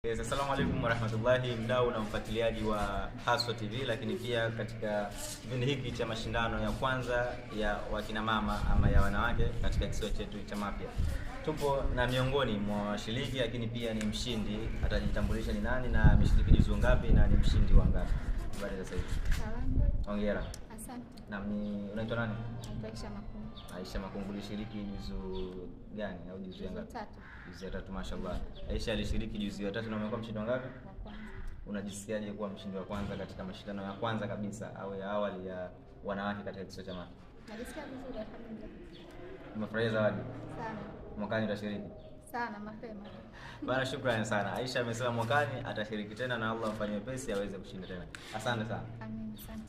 Assalamu alaikum warahmatullahi, mdau na mfuatiliaji wa Haswa TV, lakini pia katika kipindi hiki cha mashindano ya kwanza ya wakinamama ama ya wanawake katika kisiwa chetu cha mapya tupo na miongoni mwa washiriki, lakini pia ni mshindi. Atajitambulisha ni nani na ameshiriki juzu ngapi na ni mshindi wa ngapi? Habari za sasa hivi? Hongera. Asante. Na unaitwa nani? Aisha Makungu. Aisha Makungu alishiriki juzu gani au juzu ya ngapi? Juzu ya tatu, Mashallah. Aisha alishiriki juzu ya tatu na umekuwa mshindi wa ngapi? kwanza. Unajisikiaje kuwa mshindi wa kwanza katika mashindano ya kwanza kabisa au ya awali ya wanawake katika kisiwa cha Mafia? Najisikia vizuri alhamdulillah. Umefurahia zawadi? Sana. Mwakani utashiriki? Sana, mapema. Bana, shukrani sana. Aisha amesema mwakani atashiriki tena na Allah amfanyie pesi aweze kushinda tena. Asante sana. Amin, asante.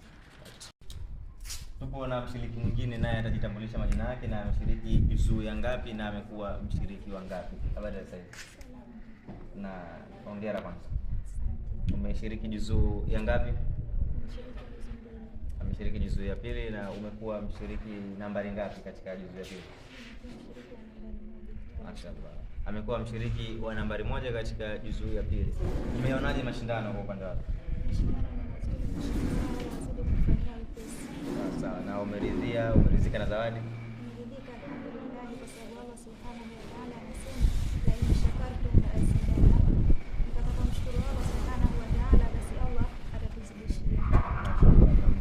Tupo na mshiriki mwingine naye atajitambulisha majina yake na ameshiriki juzuu ya ngapi na amekuwa mshiriki wa ngapi. Habari ya sasa Na hongera kwanza. Umeshiriki juzuu ya ngapi? Ameshiriki juzuu ya pili na umekuwa mshiriki nambari ngapi katika juzuu ya pili? Mashaallah. Amekuwa mshiriki wa nambari moja katika juzuu ya pili. Umeonaje mashindano kwa upande wako? umeridhia, umeridhika na zawadi?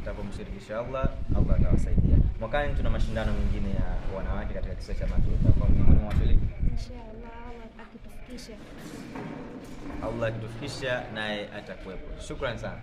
Mtapomshirikisha Allah, Allah atawasaidia. Mwakani tuna mashindano mengine ya wanawake katika kisa cha Matuta. Allah akitufikisha naye atakuwepo. Shukrani sana.